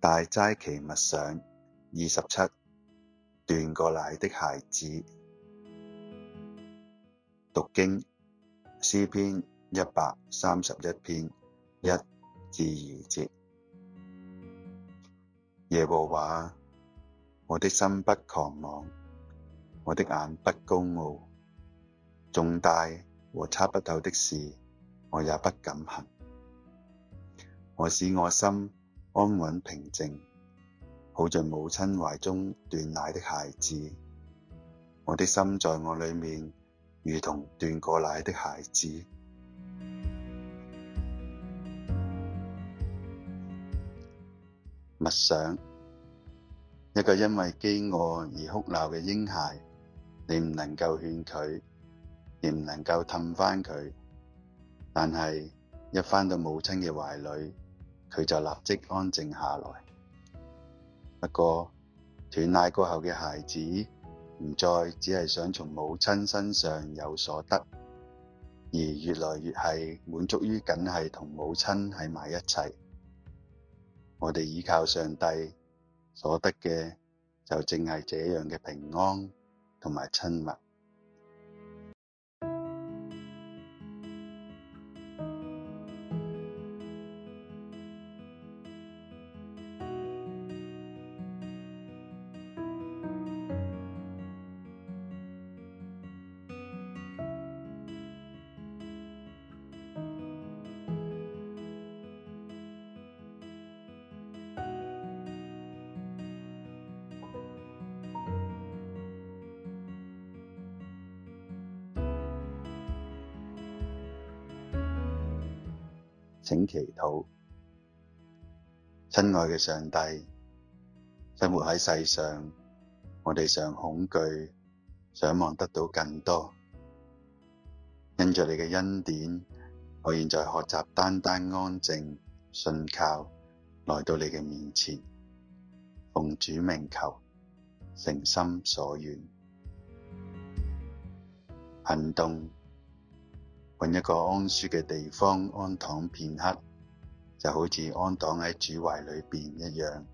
大齋期默想二十七，斷過奶的孩子讀經，詩篇一百三十一篇一至二節。耶和華，我的心不狂妄，我的眼不高傲，重大和測不透的事，我也不敢行。我使我心。安穩平靜，好似母親懷中斷奶的孩子。我的心在我裏面，如同斷過奶的孩子。默想，一個因為飢餓而哭鬧嘅嬰孩，你唔能夠勸佢，亦唔能夠氹翻佢，但係一返到母親嘅懷裏。佢就立即安靜下來。不過，斷奶過後嘅孩子唔再只係想從母親身上有所得，而越來越係滿足於僅係同母親喺埋一齊。我哋依靠上帝所得嘅就正係這樣嘅平安同埋親密。請祈禱，親愛嘅上帝，生活喺世上，我哋常恐懼，想望得到更多。因着你嘅恩典，我現在學習單單安靜、信靠，來到你嘅面前，奉主名求，誠心所願。行動。揾一個安舒嘅地方安躺片刻，就好似安躺喺主懷裏邊一樣。